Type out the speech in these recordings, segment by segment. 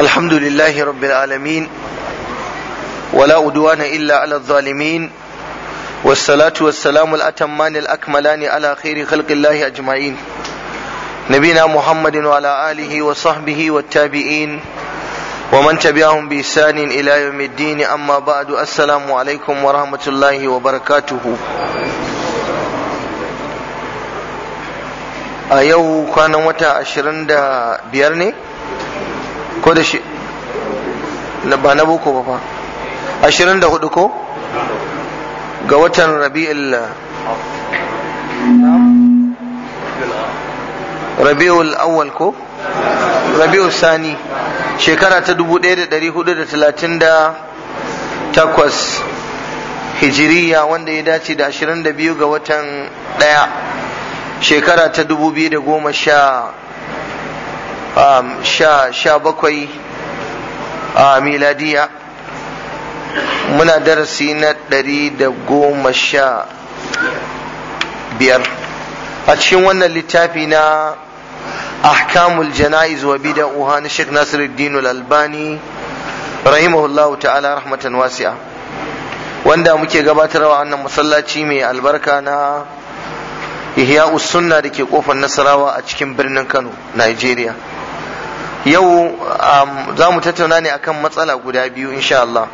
الحمد لله رب العالمين ولا أدوان إلا على الظالمين والصلاة والسلام الأتمان الأكملان على خير خلق الله أجمعين نبينا محمد وعلى آله وصحبه والتابعين ومن تبعهم بإحسان إلى يوم الدين أما بعد السلام عليكم ورحمة الله وبركاته أيوه كان متى عشرين بيرني ko da shi ba na boko ba fa ashirin da hudu ko ga watan rabi'ul rabi'ul awwal ko rabi'ul sani shekara ta 1438 hijiriya wanda ya dace da 22 ga watan ɗaya shekara ta sha. Um, sha bakwai a miladiya muna darasi na ɗari da goma sha biyar a cikin wannan littafi na ahkamul jana'iz wa uha na Sheikh Nasiruddin Al-Albani rahimahullahu ta'ala rahmatan wasi'a wanda muke gabatarwa annan masallaci mai albarka na Ihya sunna da ke kofar Nasarawa a cikin birnin Kano, Nigeria. yau um, za mu tattauna ne akan matsala guda biyu insha Allah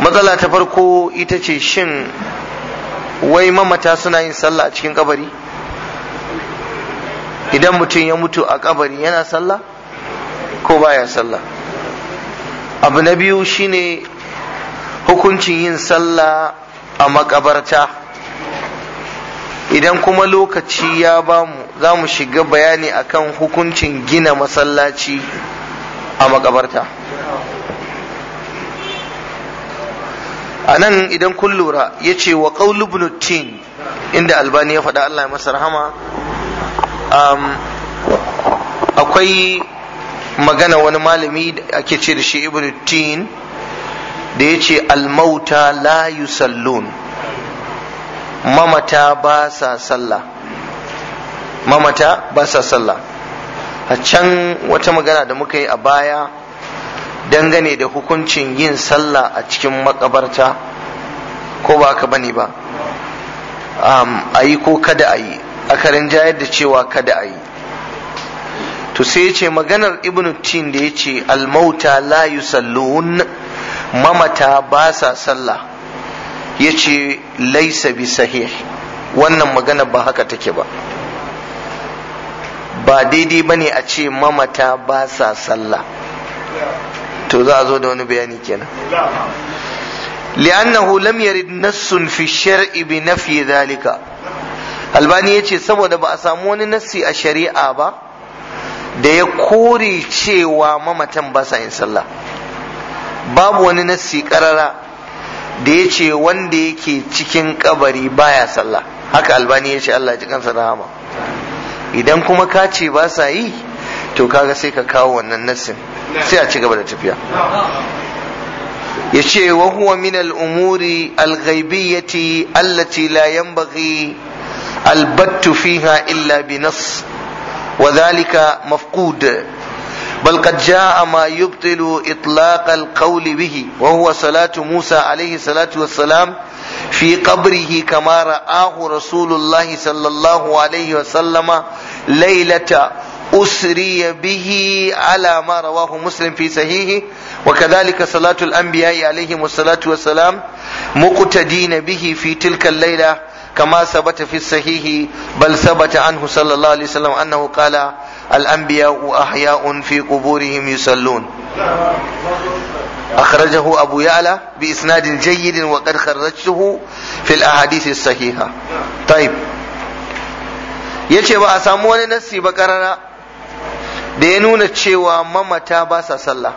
matsala ta farko ita ce shin wai mamata suna yin sallah a cikin kabari idan mutum ya mutu a kabari yana sallah ko baya sallah abu na biyu shine hukuncin yin sallah a makabarta idan kuma lokaci ya bamu za mu shiga bayani akan hukuncin gina masallaci a makabarta a nan idan kun lura ya ce wa ibn tin inda albani ya faɗa allah ya masa rahama um, akwai magana wani malami da ake ce da shi ibn tin da ya ce almauta la yusallun mamata ba sa sallah mamata ba sa sallah a can wata magana da muka yi a baya dangane da hukuncin yin sallah a cikin makabarta ko ba ka bane ba a yi ko kada a yi aka jayar da cewa kada a yi to sai ce maganar ibn tin da ya ce almauta la yusallun mamata ba sa sallah ya ce laisa bi sahih wannan magana ba haka take ba ba daidai ba ne a ce mamata ba sa sallah to za a zo da wani bayani kenan li'annahu lam yarid nassun fi shar'i bi nafi dhalika albani yace saboda ba a samu wani nassi a shari'a ba da ya kore cewa mamatan ba sa yin sallah babu wani nassi karara da ya ce wanda yake cikin kabari baya sallah haka albani ya ce Allah ya ji kansa rahama idan kuma ka ce ba sa yi to kaga sai ka kawo wannan nassin sai a ci gaba da tafiya yace wa huwa min al-umuri al-ghaibiyyati allati la yanbaghi al-battu fiha illa bi nass wa dhalika mafqud بل قد جاء ما يبطل إطلاق القول به وهو صلاة موسى عليه الصلاة والسلام في قبره كما رآه رسول الله صلى الله عليه وسلم ليلة أسري به على ما رواه مسلم في صحيحه وكذلك صلاة الأنبياء عليهم الصلاة والسلام مقتدين به في تلك الليلة كما ثبت في الصحيح بل ثبت عنه صلى الله عليه وسلم أنه قال الأنبياء أحياء في قبورهم يصلون أخرجه أبو يعلى بإسناد جيد وقد خرجته في الأحاديث الصحيحة طيب yace ba a samu wani nassi ba karara da ya nuna cewa mamata basa sallah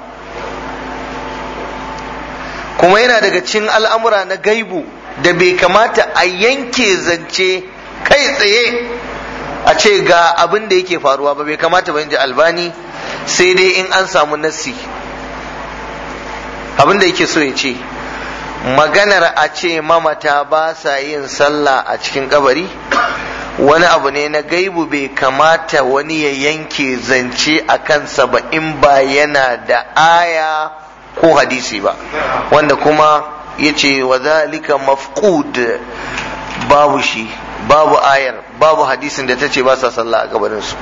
kuma yana daga cikin al'amura na gaibu da bai kamata a yanke zance kai tsaye a ce ga abin da yake faruwa ba bai kamata ba ji albani sai dai in an samu nassi abin da yake so ya ce maganar a ce mamata ba sa yin sallah a cikin kabari wani abu ne na gaibu bai kamata wani ya yanke zance a kansa ba in ba yana da aya ko hadisi ba wanda kuma ya ce wa zalika mafkud babu shi babu ayar babu hadisin da ta ce ba sa sallah a kabarinsu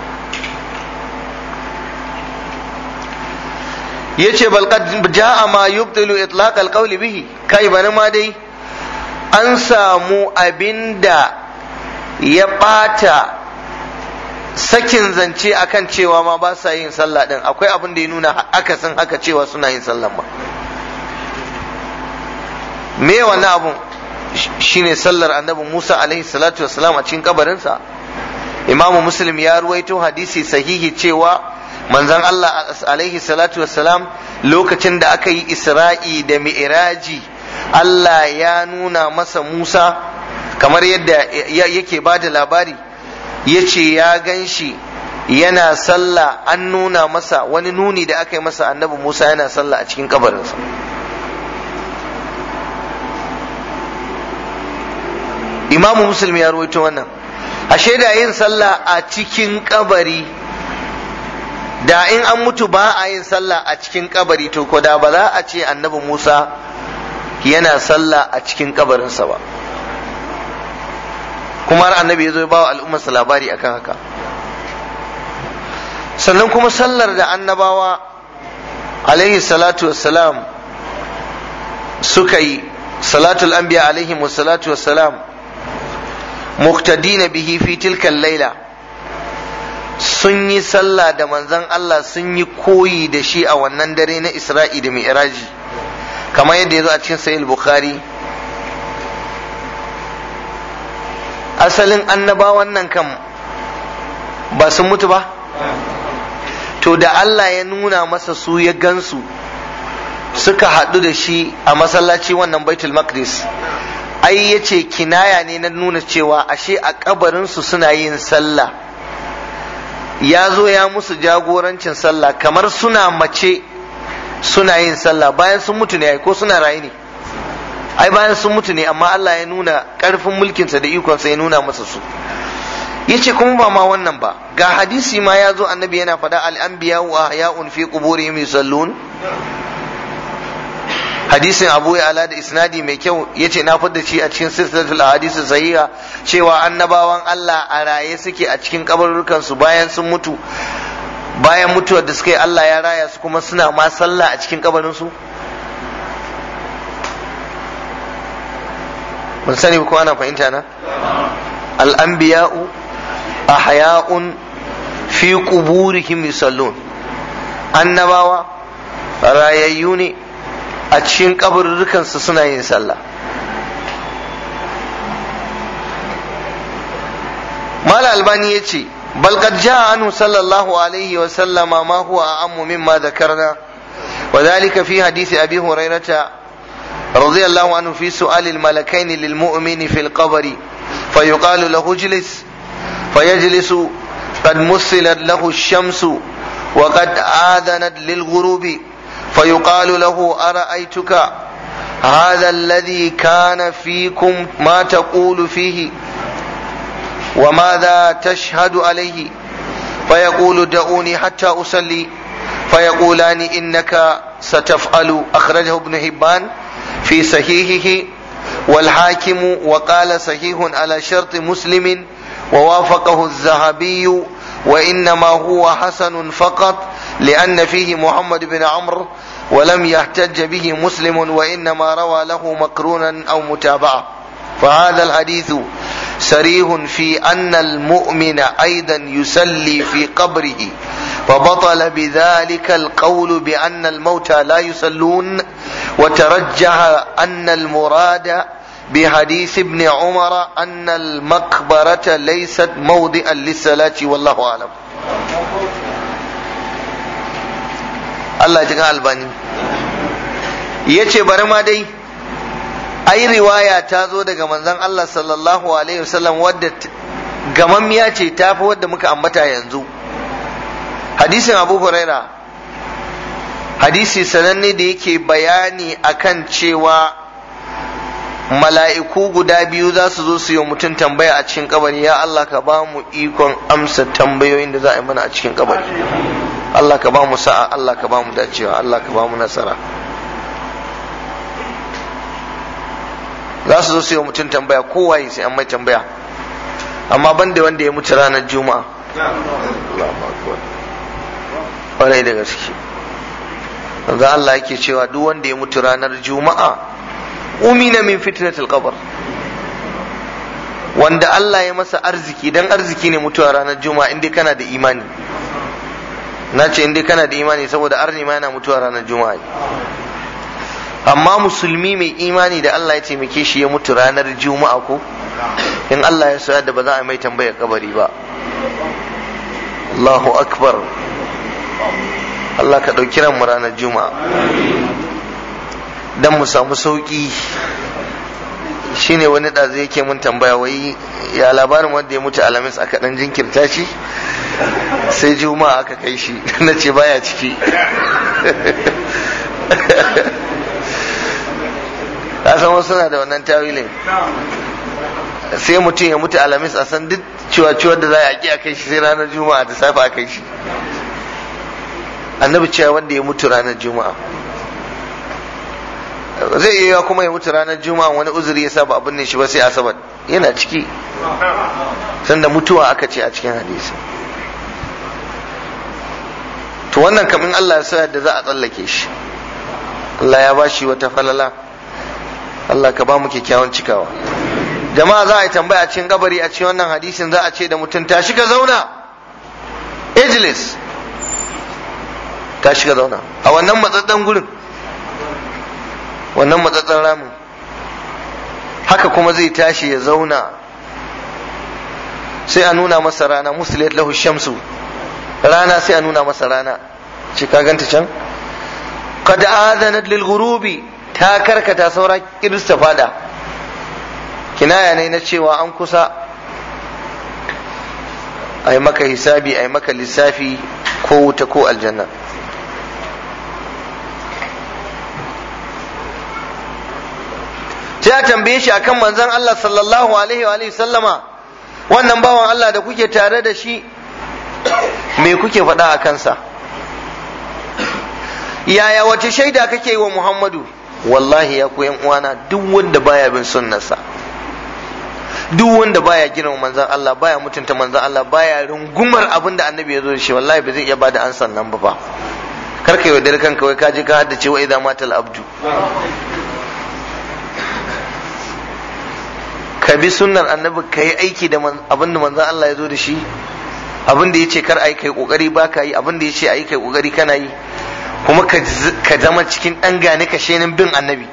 yace bal qad jaa ma yubtilu itlaq al qawli bihi kai bani ma dai an samu abinda ya bata sakin zance akan cewa ma ba sa yin sallah din akwai abin da ya nuna aka san haka cewa suna yin sallah ba me wannan abu shine sallar annabi Musa alaihi salatu wassalam a cikin kabarinsa imamu muslim ya ruwaito hadisi sahihi cewa manzon Allah alaihi salatu wassalam lokacin da aka yi isra'i da mi'raji Allah ya nuna masa Musa kamar yadda yake ba da labari ya ce ya gan shi yana sallah an nuna masa wani nuni da aka yi masa annabi Musa yana sallah a cikin kabarinsa imamu muslim ya rawaito wannan ashe da yin sallah a cikin kabari da in an mutu ba a yin sallah a cikin kabari to ko da ba za a ce annabi Musa yana sallah a cikin kabarinsa ba kuma har annabi ya zo ba wa al'ummarsa labari akan haka sannan kuma sallar da annabawa alaihi salatu wassalam suka yi salatul anbiya alaihi wassalatu wassalam muqtadina bihi fi laila sun yi sallah da manzan Allah sun yi koyi da shi a wannan dare na Isra'i da Mi'raji kamar yadda ya zo a cikin Sahih Bukhari asalin annaba wannan kan ba sun mutu ba to da Allah ya nuna masa su ya gansu suka haɗu da shi a masallaci wannan baitul maqdis ai yace kinaya ne na nuna cewa ashe a kabarinsu suna yin sallah ya zo ya musu jagorancin sallah kamar suna mace suna yin sallah bayan sun mutu ne ko suna rayu ne ai bayan sun mutu ne amma Allah ya nuna ƙarfin mulkinsa da ikon ikonsa ya nuna masa su yace kuma ba ma wannan ba ga hadisi ma ya zo annabi yana faɗa al-anbiya wa ahya'un fi quburihim yusallun hadisin abu ala da isnadi mai kyau ya ce na fudda shi a cikin a ahadisi sahiha cewa annabawan Allah a raye suke a cikin kabarurukan bayan sun mutu bayan mutuwar da suka yi Allah ya raya su kuma suna ma sallah a cikin kabarin su mun sani ko ana fahimta na al-anbiya'u ahya'un fi quburihim yusallun annabawa rayayyu ne a cikin kaburrukansu suna yin sallah mala albani ya ce balkar ja anu sallallahu alaihi wa sallama ma huwa a ma da zakarna wa zalika fi hadisi abi hurairata radiyallahu anhu fi su'al al-malakain lil mu'mini fil qabri فيقال له اجلس فيجلس قد مسلت له الشمس وقد آذنت للغروب فيقال له أرأيتك هذا الذي كان فيكم ما تقول فيه وماذا تشهد عليه فيقول دعوني حتى أصلي فيقولان إنك ستفعل أخرجه ابن حبان في صحيحه والحاكم وقال صحيح على شرط مسلم ووافقه الذهبي وإنما هو حسن فقط لأن فيه محمد بن عمرو ولم يحتج به مسلم وإنما روى له مقرونا أو متابعة فهذا الحديث سريه في أن المؤمن أيضا يسلي في قبره فبطل بذلك القول بأن الموتى لا يصلون وترجح أن المراد بحديث ابن عمر أن المقبرة ليست موضئا للصلاة والله أعلم Allah ji albani ya ce bari ma dai ai riwaya ta zo daga manzon Allah sallallahu alaihi wasallam wadda gamammiya ce ta fi wadda muka ambata yanzu hadisin abu huraira hadisi sananne da yake bayani akan cewa mala'iku guda biyu za su zo su yi mutum tambaya a cikin kabari ya Allah ka ba mu ikon amsa tambayoyin da za a yi mana a cikin kabari Allah ka ba mu sa'a Allah ka ba mu dacewa Allah ka ba mu nasara za su zo su yi wa mutum tambaya kowaye sai an mai tambaya amma ban da wanda ya mutu ranar juma'a ƙwarai da gaske za Allah yake cewa duk wanda ya mutu ranar juma'a umina min fitnatul qabr wanda Allah ya masa arziki dan arziki ne mutuwa ranar juma'a inda kana da imani na ce inda kana da imani saboda arni yana mutuwa ranar juma'a amma musulmi mai imani da Allah ya taimake shi ya mutu ranar juma'a ko in Allah ya soya da ba za a mai tambaya kabari ba Allahu akbar Allah ka ɗauki mu ranar juma'a dan mu samu sauƙi shine wani ɗazu yake mun tambaya wai ya labarin wanda ya mutu alamis aka dan jinkirta shi sai juma'a aka kai shi na ce baya ciki san wasu suna da wannan tawilin sai mutum ya mutu alamis a san duk ciwa-ciwar da za a yaƙi a kai shi sai ranar juma'a da safe a kai shi annabi cewa wanda ya mutu ranar juma'a zai iya kuma ya mutu ranar juma'a wani uzuri ya sa ba abin ne shi ba sai asabar yana ciki sanda mutuwa aka ce a cikin hadisi to wannan kamin Allah ya sa da za a tsallake shi Allah ya ba shi wata falala Allah ka ba mu kyakkyawan cikawa jama'a za a yi tambaya a cikin gabari a cikin wannan hadisin za a ce da mutum tashi ka zauna ijlis tashi ka zauna a wannan matsatsen gurin wannan matsatsan ramin haka kuma zai tashi ya zauna sai a nuna masa rana musulat lahu shamsu rana sai a nuna masa rana ce ka ganta can qad adanat lil ghurubi ta karkata saura kirista fada kinaya ne na cewa an kusa ai maka hisabi ai maka lissafi ko wuta ko aljanna sai a tambaye shi akan manzon Allah sallallahu alaihi wa sallama wannan bawan Allah da kuke tare da shi me kuke faɗa a kansa yaya wace shaida kake yi wa Muhammadu wallahi ya koyan uwana duk wanda baya bin sunnarsa duk wanda baya girma manzon Allah baya mutunta manzon Allah baya rungumar abin da annabi ya zo da shi wallahi ba zai iya bada ansan nan ba kar ka yaudar kanka wai ka je ka haddace wa idan matal abdu ka bi sunnar annabi ka yi aiki da abin da manzan Allah ya zo da shi abin da ya ce kar ai kai kokari ba ka yi abin da ya ce ai kai kokari kana yi kuma ka zama cikin dan gane ka shenin bin annabi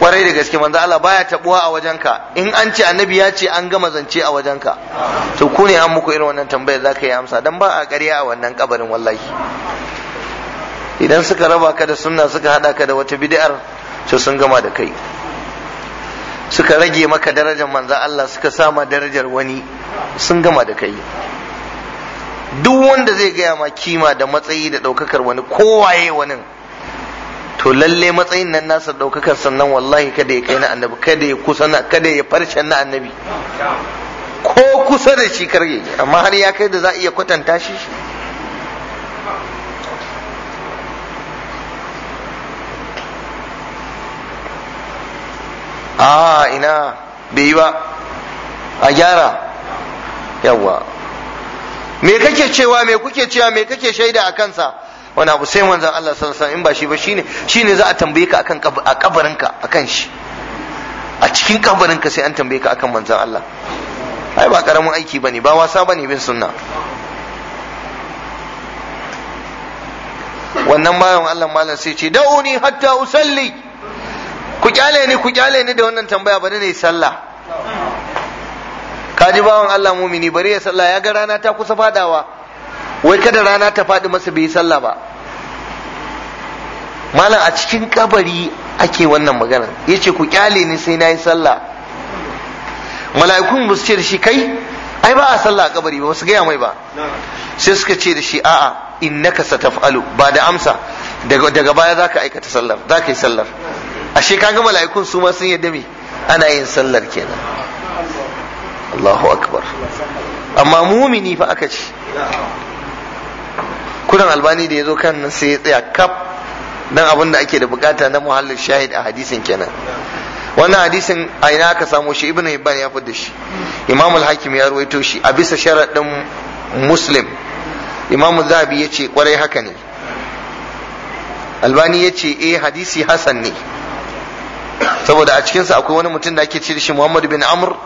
kwarai da gaske manzan Allah baya tabuwa a wajenka in an ce annabi ya ce an gama zance a wajenka to ku ne an muku irin wannan tambayar zaka yi amsa dan ba a ƙarya a wannan kabarin wallahi idan suka raba ka da sunna suka hada ka da wata bid'ar to sun gama da kai suka rage maka darajar manzan Allah suka sama darajar wani sun gama da kai duk wanda zai gaya ma kima da matsayi da ɗaukakar wani kowaye wani to lalle matsayin nan nasa ɗaukakar sannan wallahi kada ya kai na annabi kada ya kusa na kada ya farshen na annabi ko kusa da shi karye amma har ya kai da za a iya kwatanta shi shi a ah, ina bai yi ba a gyara yawwa me kake cewa me kuke cewa me kake shaida a kansa wani abu sai wanzan Allah sallallahu in ba shi ba shine shine za a tambaye ka akan a kabarinka akan shi a cikin kabarinka sai an tambaye ka akan wanzan Allah ai ba karamin aiki bane ba wasa bane bin sunna wannan bayan Allah malam sai ce da'uni hatta usalli ku kyale ni ku kyale ni da wannan tambaya bari ne sallah kaji bawan Allah mumini bari ya sallah ya ga rana ta kusa fadawa wai kada rana ta faɗi masa bai sallah ba malam a cikin kabari ake wannan magana yace ku kyale ni sai nayi sallah mala'ikun ba ce da shi kai ai ba a sallah a kabari ba su gaya mai ba sai suka ce da shi a'a innaka sataf'alu ba da amsa daga baya zaka aikata sallar zaka yi sallar ashe kaga mala'ikun su ma sun yadda me ana yin sallar kenan Allahu akbar amma mumini fa aka ce kudan albani da ya zo kan nan sai ya tsaya kaf dan abin da ake da bukata na muhallin shahid a hadisin kenan wannan hadisin a ina aka samo shi ibnu hibban ya fi shi imam al-hakim ya ruwaito shi a bisa sharadin muslim imam zabi ya ce kwarai haka ne albani ya ce eh hadisi hasan ne saboda a cikinsa akwai wani mutum da ake ce da shi muhammadu bin Amur,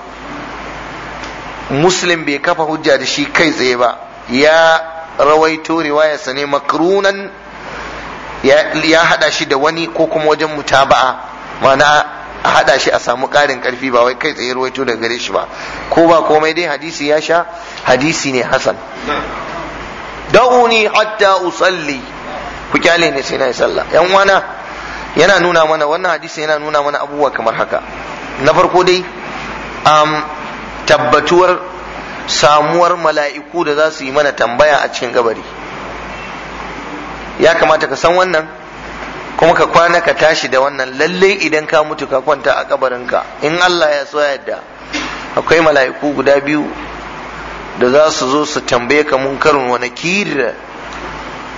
muslim bai kafa hujja da shi kai tsaye ba ya rawaito riwayarsa ne makrunan ya hada shi da wani ko kuma wajen mutaba'a ma'ana a hada shi a samu karin karfi ba wai kai tsaye rawaito da gare shi ba ko ba komai dai hadisi ya sha hadisi ne hasan da'uni hatta usalli ku kyale ne sai na yi sallah yan uwana yana nuna mana wannan hadisi yana nuna mana abubuwa kamar haka na farko dai tabbatuwar samuwar mala'iku da za su yi mana tambaya a cikin kabari, ya kamata ka san wannan kuma ka kwana ka tashi da wannan lallai idan ka mutu ka kwanta a kabarinka in Allah ya so yadda akwai mala'iku guda biyu da za su zo su tambaye ka mun munkarin wani kira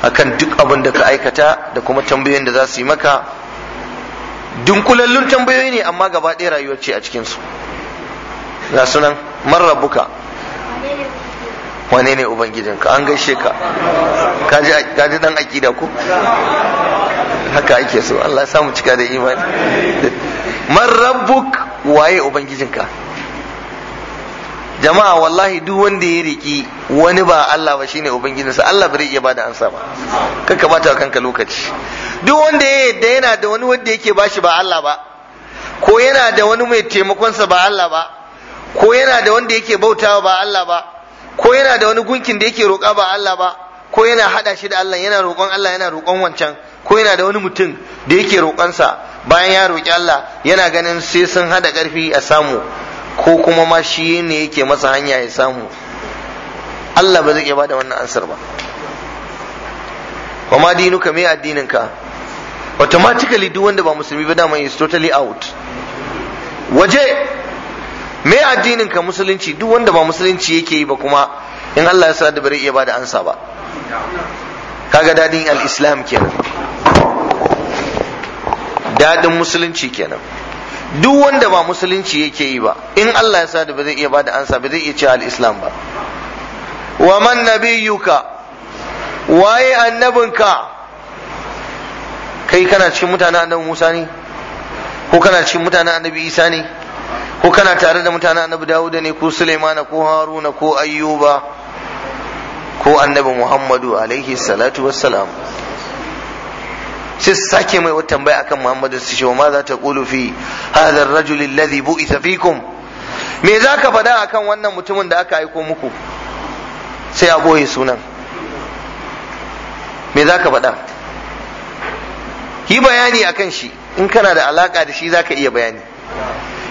akan duk abin da ka aikata da kuma tambayoyin da za su yi maka dunkulallun tambayoyi ne amma gaba ɗaya rayuwar ce a cikinsu ga sunan marrabuka wane ne ubangijinka an gaishe ka kaji dan akida ko haka ake so Allah ya samu cika da imani man rabbuk waye ubangijinka jama'a wallahi duk wanda ya riki wani ba Allah ba shine ubangijinsa Allah bai iya bada ansa ba kanka bata kanka lokaci duk wanda ya yadda yana da wani wanda yake bashi ba Allah ba ko yana da wani mai taimakonsa ba Allah ba ko yana da wanda yake bautawa ba Allah ba ko yana da wani gunkin da yake roƙa ba Allah ba ko yana hada shi da Allah yana roƙon Allah yana roƙon wancan ko yana da wani mutum da yake roƙonsa bayan ya roƙi Allah yana ganin sai sun hada ƙarfi a samu ko kuma ma shi ne yake masa hanya ya samu Allah ba zai ba da wannan ansar ba wa ma dinuka me addinin ka automatically duk wanda ba musulmi ba dama is totally out waje me addinin ka musulunci duk wanda ba musulunci yake yi ba kuma in Allah ya sa da bare iya bada ansa ba kaga dadin al-islam kenan dadin musulunci kenan duk wanda ba musulunci yake yi ba in Allah ya sa da ba zai iya bada ansa ba zai iya cewa al-islam ba wa man nabiyyuka waye annabinka kai kana cikin mutanen annabi Musa ne ko kana cikin mutanen annabi Isa ne ko kana tare da mutanen annabi Dawud ne ko Sulaiman ko Haruna ko Ayyuba ko annabi Muhammadu alaihi salatu wassalam sai sake mai wata tambaya akan Muhammadu su ce wa ma za ta qulu fi hadha ar-rajul bu isa fikum me za ka faɗa akan wannan mutumin da aka aiko muku sai a boye sunan me za ka faɗa yi bayani akan shi in kana da alaka da shi za ka iya bayani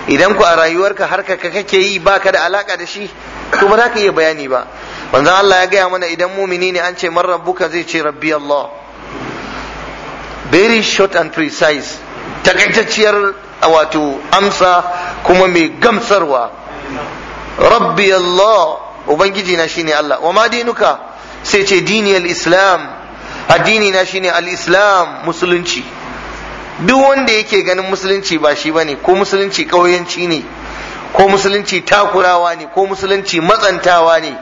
idan ku a rayuwarka harka ka kake yi ba ka da alaka da shi to ba za ka iya bayani ba manzon Allah ya gaya mana idan mumini ne an ce man rabbuka zai ce rabbi Allah very short and precise takaitacciyar wato amsa kuma mai gamsarwa rabbi Allah ubangiji na shine Allah wa ma dinuka sai ce dini al-islam addini na shine al-islam musulunci duk wanda yake ganin musulunci ba shi bane ko musulunci kauyanci ne ko musulunci takurawa ne ko musulunci matsantawa ne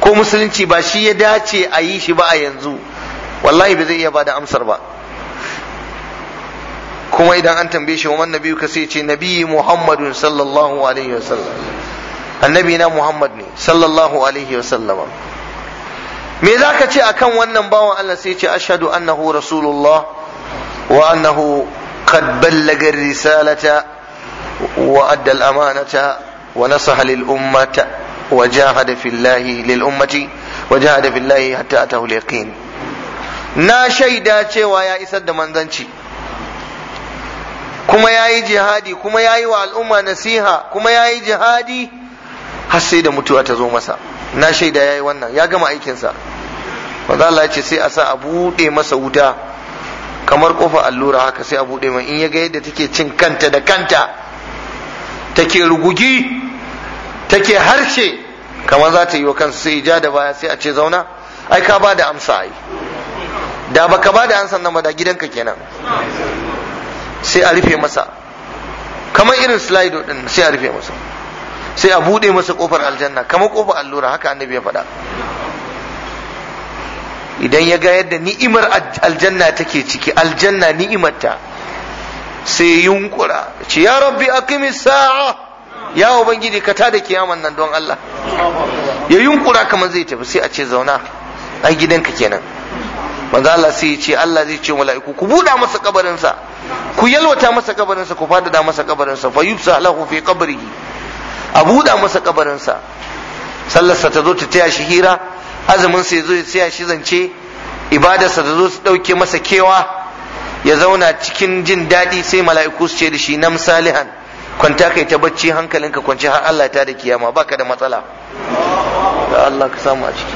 ko musulunci ba shi ya dace a yi shi ba a yanzu wallahi ba zai iya bada amsar ba kuma idan an tambaye shi wannan nabiyu ka sai ce nabi muhammadun sallallahu alaihi wasallam annabi na muhammad ne sallallahu alaihi wasallama me za ka ce akan wannan bawan allah sai ce ashadu annahu rasulullah wa annahu qad ballaga risalata wa adda al-amanata wa nasaha lil ummata وجاهد في الله للأمة وجاهد fillahi hatta حتى أتاه اليقين na shaida cewa ya isar da manzanci kuma ya yi jihadi kuma ya yi wa al'umma nasiha kuma ya yi jihadi har sai da mutuwa ta zo masa na shaida ya yi wannan ya gama aikinsa wanda Allah ce sai a sa a buɗe masa wuta kamar kofa allura haka sai a buɗe mai in ya ga yadda take cin kanta da kanta take rugugi take harshe kamar za ta yi wa kansa sai ja da baya sai a ce zauna ai ka ba da amsa ai da baka ba da amsa nan ba da gidanka kenan sai a rufe masa kamar irin slido din sai a rufe masa sai a buɗe masa kofar aljanna kamar kofar allura haka annabi ya faɗa idan ya ga yadda ni'imar aljanna take ciki aljanna ni'imarta sai yunkura ce ya rabbi aqimi sa'a ya ubangiji ka tada kiyaman nan don Allah ya yunkura kamar zai tafi sai a ce zauna ai gidanka kenan manzo Allah sai ya ce Allah zai ce mala'iku ku buɗe masa kabarinsa ku yalwata masa kabarinsa ku fadada masa kabarinsa fa yubsa lahu fi qabrihi a buɗa masa kabarinsa sallarsa ta zo ta taya shi hira azumin sa zo ya shi zance ibadarsa ta zo su ɗauke masa kewa ya zauna cikin jin daɗi sai mala'iku su ce da shi nam salihan kwanta kai ta bacci hankalinka kwanci har Allah ta da kiyama baka da matsala Ya Allah ka samu a ciki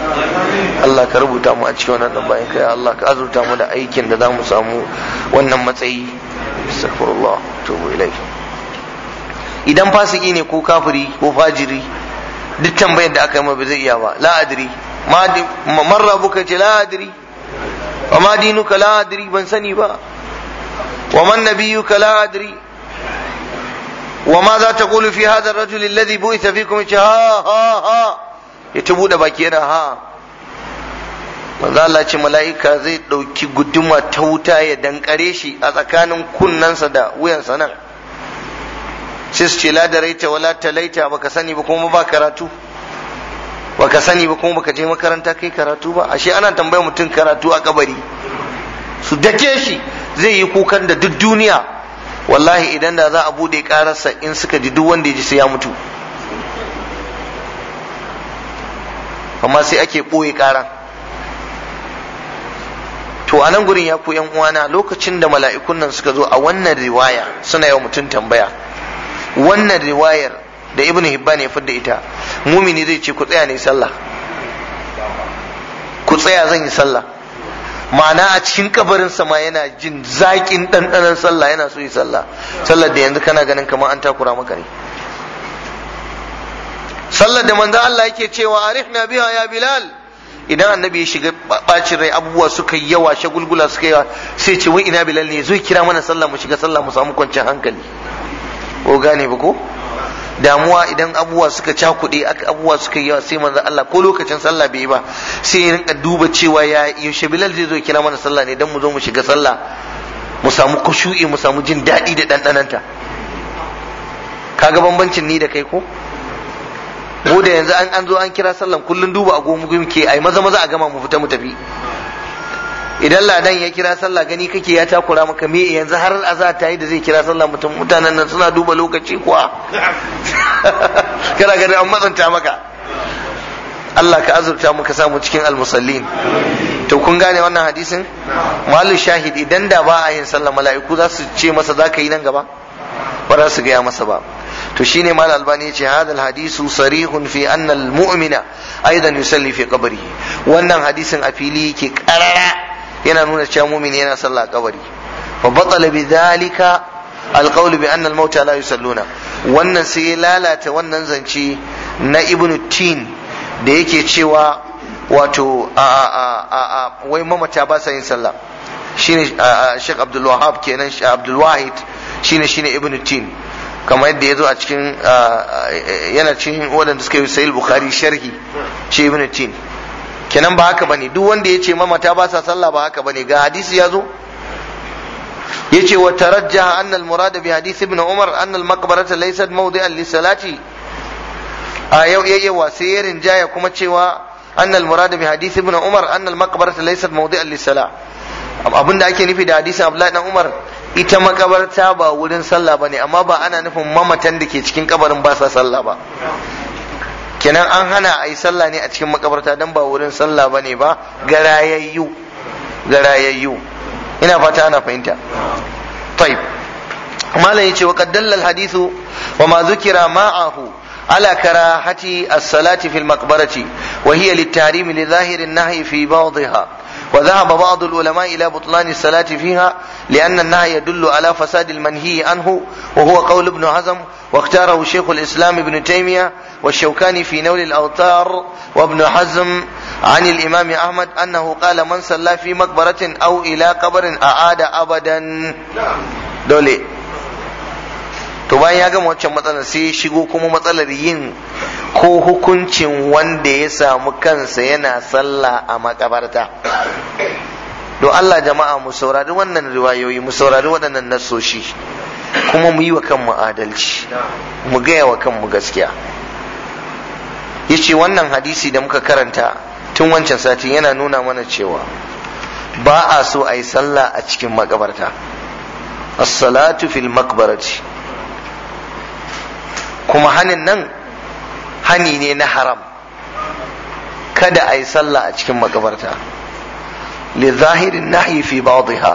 Allah ka rubuta mu a cikin wannan dan bayan kai Allah ka azurta mu da aikin da zamu samu wannan matsayi astaghfirullah tubu ilai idan fasiki ne ko kafiri ko fajiri duk tambayar da aka yi ba zai iya ba la adri man rabuka ce la adri wa ma dinuka la adri ban sani ba wa man nabiyuka la adri وماذا تقول في هذا الرجل الذي ha فيكم ها ها ها يتبود باكينا ها ha. Allah ce mala'ika zai ɗauki guduma ta wuta ya dankare shi a tsakanin kunnensa da wuyansa nan sai su ce la da raita wala talaita baka sani ba kuma ba karatu baka sani ba kuma baka je makaranta kai karatu ba ashe ana tambayar mutum karatu a kabari su dake shi zai yi kukan da duk duniya wallahi idan da za a bude kararsa in suka ji duk wanda ya ji sai ya mutu amma sai ake ɓoye ƙaran to a nan gurin ya ku uwana lokacin da mala'ikun nan suka zo a wannan riwaya suna yawa mutum tambaya wannan riwayar da ibn hibban ya fidda ita mumini zai ce ku tsaya ne sallah ku tsaya zan yi sallah ma'ana a cikin kabarin sama yana jin zaƙin ɗanɗanon sallah yana so yi sallah sallar da yanzu kana ganin kamar an takura maka ne sallar da manzo Allah yake cewa na biha ya bilal idan annabi ya shiga bacin rai abubuwa suka yi yawa shagulgula suka yawa sai ce wai ina bilal ne zai kira mana sallah mu shiga sallah mu samu kwanciyar hankali ko gane ba ko damuwa idan abubuwa suka cakuɗe abubuwa suka yawa sai manzo Allah ko lokacin sallah bai yi ba sai in ka duba cewa ya yaushe Bilal zai zo kira mana sallah ne dan mu zo mu shiga sallah mu samu kushu'i mu samu jin daɗi da ɗanɗananta kaga bambancin ni da kai ko mu da yanzu an zo an kira sallah kullun duba agogo muke ai maza maza a gama mu fita mu tafi idan ladan ya kira sallah gani kake ya takura maka me yanzu har aza ta yi da zai kira sallah mutum mutanen nan suna duba lokaci kuwa kana gani an matsanta maka Allah ka azurta muka samu cikin almusallin to kun gane wannan hadisin malu shahid idan da ba a yin sallah mala'iku za su ce masa za ka yi nan gaba ba za su gaya masa ba to shine mal albani ya ce hadal hadisu sarihun fi mu'mina aidan yusalli fi wannan hadisin a fili yake karara yana nuna cewa mumin yana sallah kabari fa batala bi dhalika alqawlu bi anna al la yusalluna wannan sai ya lalata wannan zance na ibnu tin da yake cewa wato a a a a wai mamata ba sa yin sallah shine Sheikh Abdul Wahab kenan Abdul Wahid shine shine ibnu tin kamar yadda ya zo a cikin yana cikin waɗanda suka yi sahih bukhari sharhi shi ibnu tin kenan ba haka bane duk wanda yace mamata ba sa sallah ba haka bane ga hadisi ya zo yace wa tarajjaha anna al murad bi hadith ibn umar anna al maqbarata laysat mawdi'an lis salati a yau yayi wa yarin jaya kuma cewa anna al murad bi hadith ibn umar anna al maqbarata laysat mawdi'an lis salah abinda ake nufi da hadisin abdullahi dan umar ita makabarta ba wurin sallah bane amma ba ana nufin mamatan da ke cikin kabarin ba sa sallah ba kenan an hana ayi sallah ne a cikin makabarta don ba wurin sallah ba ne ba garayayyu garayayyu ina fata ana fahimta taib malam ya ce wa kaddalla alhadithu wa ma zukira ma'ahu ala hati as-salati fil maqbarati wa hiya lit-tahrim li zahiri an-nahyi fi ba'dihha وذهب بعض العلماء إلى بطلان الصلاة فيها لأن النهي يدل على فساد المنهي عنه وهو قول ابن حزم واختاره شيخ الإسلام ابن تيمية والشوكاني في نول الأوتار وابن حزم عن الإمام أحمد أنه قال من صلى في مقبرة أو إلى قبر أعاد أبدا دولي to bayan ya gama wancan matsalar sai ya shigo kuma matsalar yin ko hukuncin wanda ya samu kansa yana sallah a makabarta Do Allah jama'a mu saurari wannan riwayoyi mu saurari waɗannan nasoshi kuma mu yi wa kanmu adalci mu gaya wa kanmu gaskiya yace wannan hadisi da muka karanta tun wancan sati yana nuna mana cewa ba a so a yi sallah a cikin makabarta as-salatu fil maqbarati kuma hanin nan hani ne na haram kada a yi sallah a cikin makabarta li zahirin nahi fi ba'dha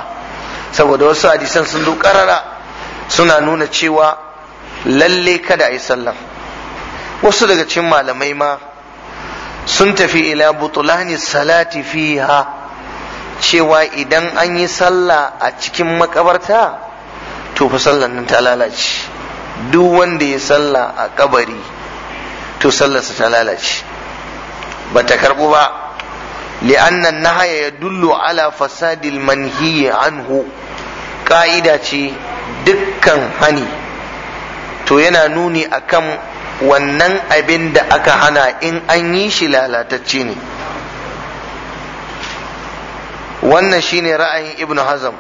saboda wasu hadisan sun zo karara suna nuna cewa lalle kada a yi sallah wasu daga cikin malamai ma sun tafi ila butulani salati fiha cewa idan an yi sallah a cikin makabarta to fa sallan nan ta lalace duk wanda ya salla a kabari to sallarsa ta lalace ba ta karbu ba li'annan nahaya ya dullo ala fasadil manhiyi anhu ka'ida ce dukkan hani to yana nuni akan wannan abin da aka hana in an yi shi lalatacce ne wannan shine ra'ayin ibn hazm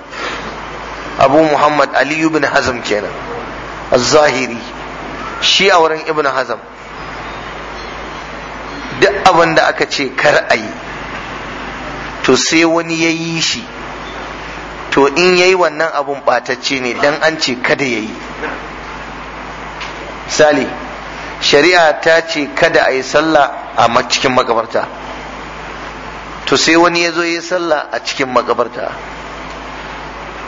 abu muhammad ali ibn hazm kenan zahiri shi a wurin ibn hazam duk abin da aka ce kar a yi to sai wani ya yi shi to in ya yi wannan abun ɓatacce ne dan an ce kada ya yi misali shari'a ta ce kada a yi sallah a cikin magabarta to sai wani ya zo ya yi sallah a cikin makabarta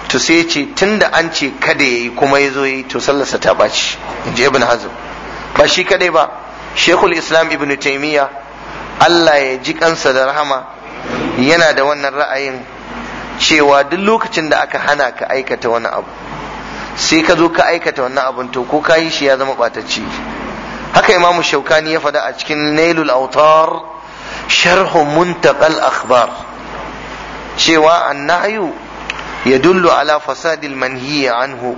to sai ce tunda an ce kada yayi kuma yazo yayi to sallarsa ta baci inji ibn hazm ba shi kadai ba shekul islam ibn taymiya Allah ya ji kansa da rahama yana da wannan ra'ayin cewa duk lokacin da aka hana ka aikata wani abu sai ka zo ka aikata wannan abun to ko kayi shi ya zama batacci haka imamu shaukani ya faɗa a cikin nailul autar sharhu muntaqal akhbar cewa annahyu يدل على فساد المنهي عنه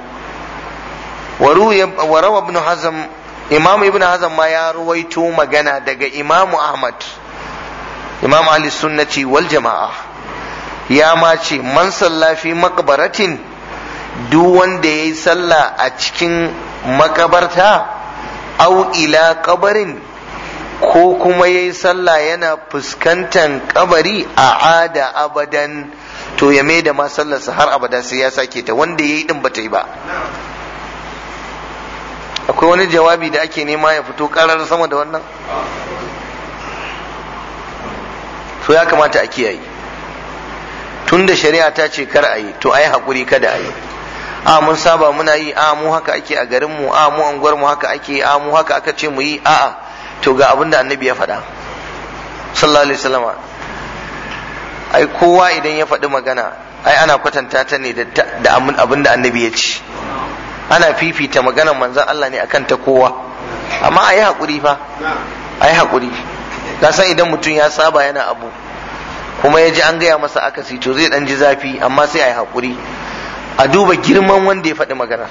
وروي وروى ابن حزم امام ابن حزم ما يرويتو مغنى دغ امام احمد امام اهل السنه والجماعه يا ما ce man salla fi duk wanda yayi sallah a cikin makabarta au ila ko kuma yayi sallah yana fuskantan kabari a ada abadan to ya mai da ma sallarsa har abada sai ya sake ta wanda ya yi din ba ta yi ba akwai wani jawabi da ake nema ya fito karar sama da wannan to ya kamata a kiyaye tun da shari'a ta ce kar a yi to a yi haƙuri kada a yi a mun saba muna yi a mu haka ake a garinmu a mu anguwar mu haka ake a mu haka aka ce mu yi a'a to ga abin da annabi ya faɗa sallallahu alaihi ai kowa idan ya faɗi magana ai ana kwatanta ta ne da abin da annabi ya ci ana fifita maganar manzon Allah ne akan ta kowa amma yi haƙuri fa yi haƙuri san idan mutum ya saba yana abu kuma ya ji an gaya masa akasi to zai ɗan ji zafi amma sai ayi haƙuri a duba girman wanda ya faɗi magana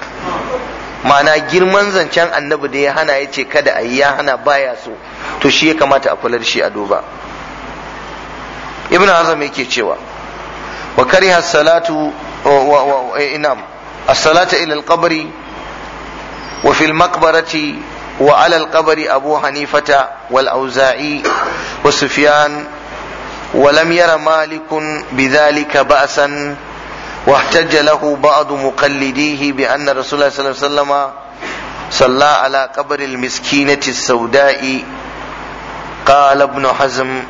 ma'ana girman zancen annabi da ya hana ya ce kada a yi ya hana baya so to shi ya kamata a kula da shi a duba ibn azam yake cewa wa kariha salatu wa eh, inam as-salata ila al wa alal maqbarati wa ala al-qabri abu hanifata wal auza'i wa sufyan wa lam yara malikun bidhalika ba'san واحتج له بعض مقلديه بأن رسول الله صلى الله عليه وسلم صلى على قبر المسكينة السوداء قال ابن حزم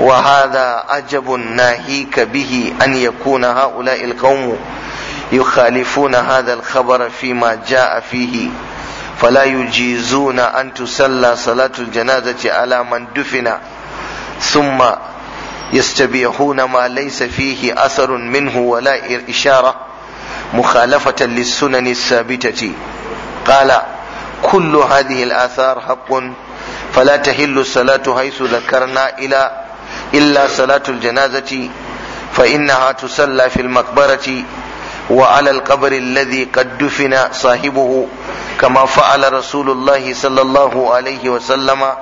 وهذا عجب ناهيك به أن يكون هؤلاء القوم يخالفون هذا الخبر فيما جاء فيه فلا يجيزون أن تصلى صلاة الجنازة على من دفن ثم يستبيحون ما ليس فيه أثر منه ولا إشارة مخالفة للسنن الثابتة قال كل هذه الآثار حق فلا تهل الصلاة حيث ذكرنا إلى إلا صلاة الجنازة فإنها تصلى في المقبرة وعلى القبر الذي قد دفن صاحبه كما فعل رسول الله صلى الله عليه وسلم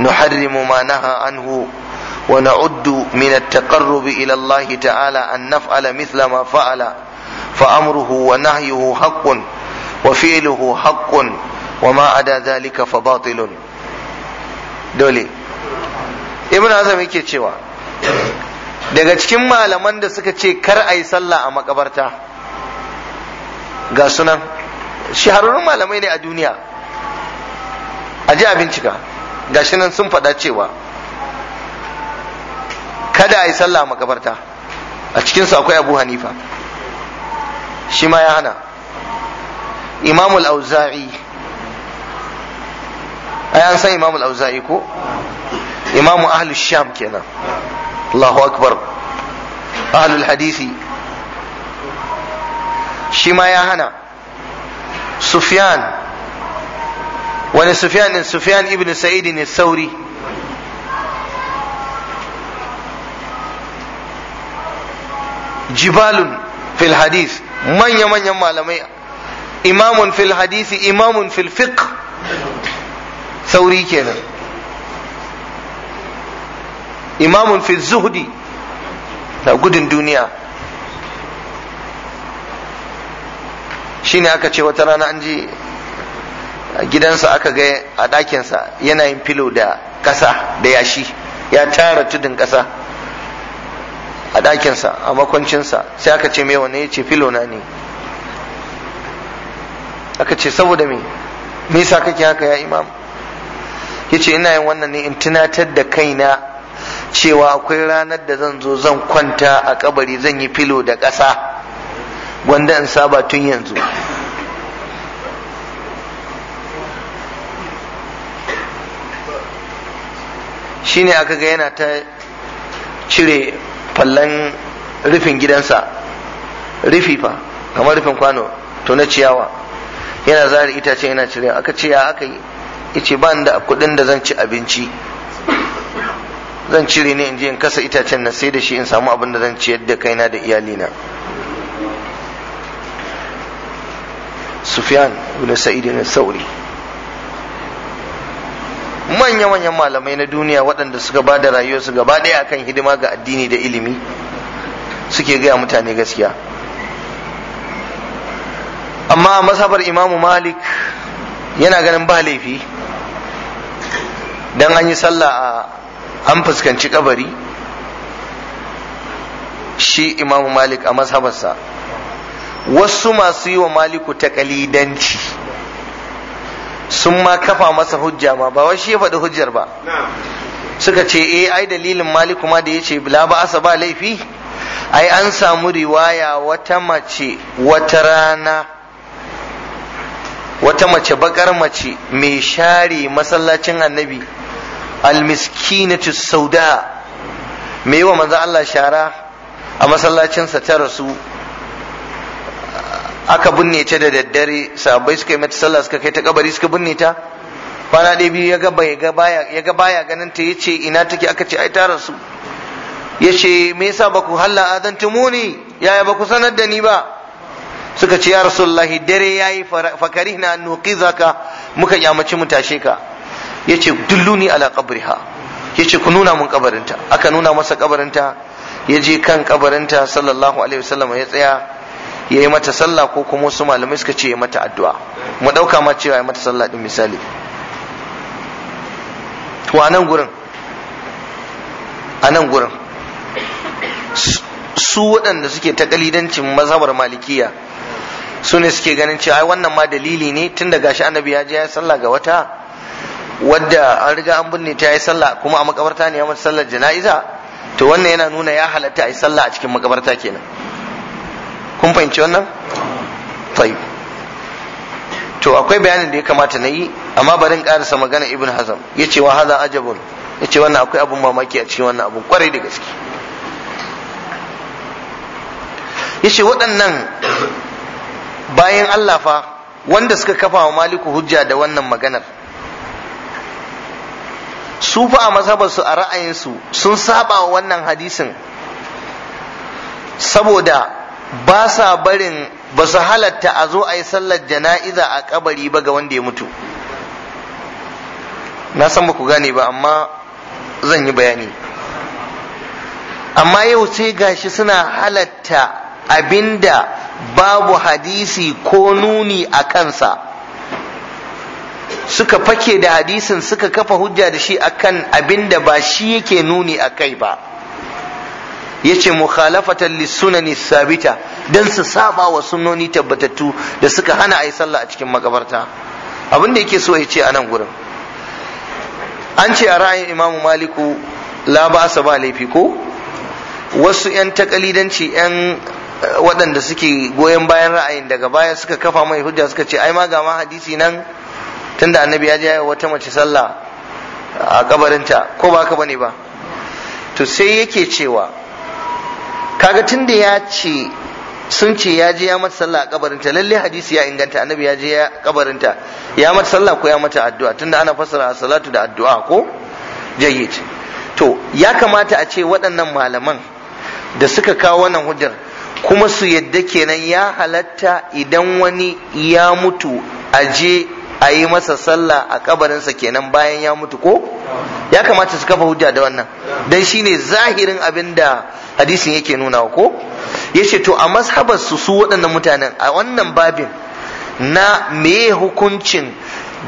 نحرم ما نهى عنه ونعد من التقرب إلى الله تعالى أن نفعل مثل ما فعل فأمره ونهيه حق وفعله حق وما عدا ذلك فباطل دولي ibn azam yake cewa daga cikin malaman da suka ce kar a yi sallah a makabarta ga sunan shahararrun malamai ne a duniya a ji bincika ga shi nan sun faɗa cewa kada a yi sallah a makabarta a cikinsu akwai abu hanifa shi ma ya hana imamul auza'i ai an san imamul auza'i ko امام اهل الشام كنا الله اكبر اهل الحديث شيمايا هنا سفيان وانا سفيان بن سفيان ابن سعيد الثوري جبال في الحديث من يمن يمن علمي امام في الحديث امام في الفقه ثوري كذا imamun fi zuhudi na gudun duniya shine aka ce wata rana an ji gidansa aka ga a ɗakinsa yana yin filo da ƙasa da yashi ya tara tudun ƙasa a ɗakinsa a makwancinsa sai aka ce mai wane ya ce filo na ne aka ce saboda me me yasa kake haka ya imam ce ina yin wannan ne in tunatar da kaina cewa akwai ranar da zan zo zan kwanta a kabari zan yi filo da ƙasa wanda in saba tun yanzu Shi ne aka ga yana ta cire fallon rufin gidansa rufi fa kamar rufin kwano to na ciyawa yana zari itace yana cire aka ce ya aka yi ce ba da kudin da zan ci abinci zan cire ne in je in kasa itacen na sai da shi in samu abin da zan ciyar da kaina da iyalina sufyan ibn sa'id ibn sauri manya-manyan malamai na duniya waɗanda suka ba da su gaba ɗaya akan hidima ga addini da ilimi suke gaya mutane gaskiya amma masabar imamu malik yana ganin ba laifi dan an yi sallah a an fuskanci kabari shi imamu malik a mazhabarsa wasu masu yi wa maliku ta kalidanci sun ma kafa masa hujja ma ba shi ya faɗi hujjar ba suka ce e ai dalilin maliku ma da ya ce la ba asa ba laifi ai an samu riwaya wata mace wata rana wata mace bakar mace mai share masallacin annabi almiskinatu sauda me wa manzo Allah shara a masallacinsa ta rasu aka binne ta da daddare sabai suka yi mata sallah suka kai ta kabari suka binne ta kwana ɗaya biyu ya ga baya ya baya ganin ta yace ina take aka ce ai ta rasu yace me yasa ba ku halla muni? yaya ba ku sanar da ni ba suka ce ya rasulullahi dare yayi fakarihna an nuqizaka muka kyamaci mu tashe ka yace dulluni ala qabriha yace ku nuna mun kabarinta aka nuna masa kabarinta ya je kan kabarinta sallallahu alaihi wasallam ya tsaya ya yi mata sallah ko kuma wasu malamai suka ce ya mata addu'a mu dauka ma cewa ya mata sallah din misali to anan gurin anan gurin su waɗanda suke ta kalidancin mazhabar malikiya su ne suke ganin cewa ai wannan ma dalili ne tun da gashi annabi ya je ya sallah ga wata wadda an riga an binne ta yi sallah kuma a makabarta ne ya mata sallar jana'iza to wannan yana nuna ya halatta a yi sallah a cikin makabarta kenan kun fahimci wannan tayyib to akwai bayanin da ya kamata na yi amma bari in karasa magana ibn hazam ce wa hadha ajabun ce wannan akwai abun mamaki a cikin wannan abun kwarai da gaske Ya ce waɗannan bayan Allah fa wanda suka kafa wa maliku hujja da wannan maganar su fa a mazhabarsu a ra'ayin su sun saba wa wannan hadisin saboda ba sa barin ba su halatta a zo a yi sallar jana'iza a kabari ba ga wanda ya mutu na san ba ku gane ba amma zan yi bayani amma yau sai gashi suna halatta abinda babu hadisi ko nuni a kansa suka fake da hadisin suka kafa hujja da shi akan abin da ba shi yake nuni a kai ba yace mukhalafatan lissunani sabita dan su saba wa sunnoni tabbatattu da suka hana ayi sallah a cikin makabarta abin da yake so ya ce a nan gurin an ce a ra'ayin imamu maliku la ba sa ba laifi ko wasu 'yan takalidanci 'yan waɗanda suke goyon bayan ra'ayin daga baya suka kafa mai hujja suka ce ai ma ga ma hadisi nan tunda annabi ya je wata mace sallah a kabarinta ko ba ka bane ba to sai yake cewa kaga tunda ya ce sun ce ya je ya mata sallah a kabarinta lalle hadisi ya inganta annabi ya je ya kabarinta ya mata sallah ko ya mata addu'a tunda ana fassara salatu da addu'a ko jayyid to ya kamata a ce waɗannan malaman da suka kawo wannan hujjar kuma su yadda kenan ya halatta idan wani ya mutu a je a yi masa sallah a kabarinsa kenan bayan ya mutu ko ya kamata su kafa hujja da wannan dan shine zahirin abin da hadisin yake nuna ko yace to a mazhabar su su waɗannan mutanen a wannan babin na me hukuncin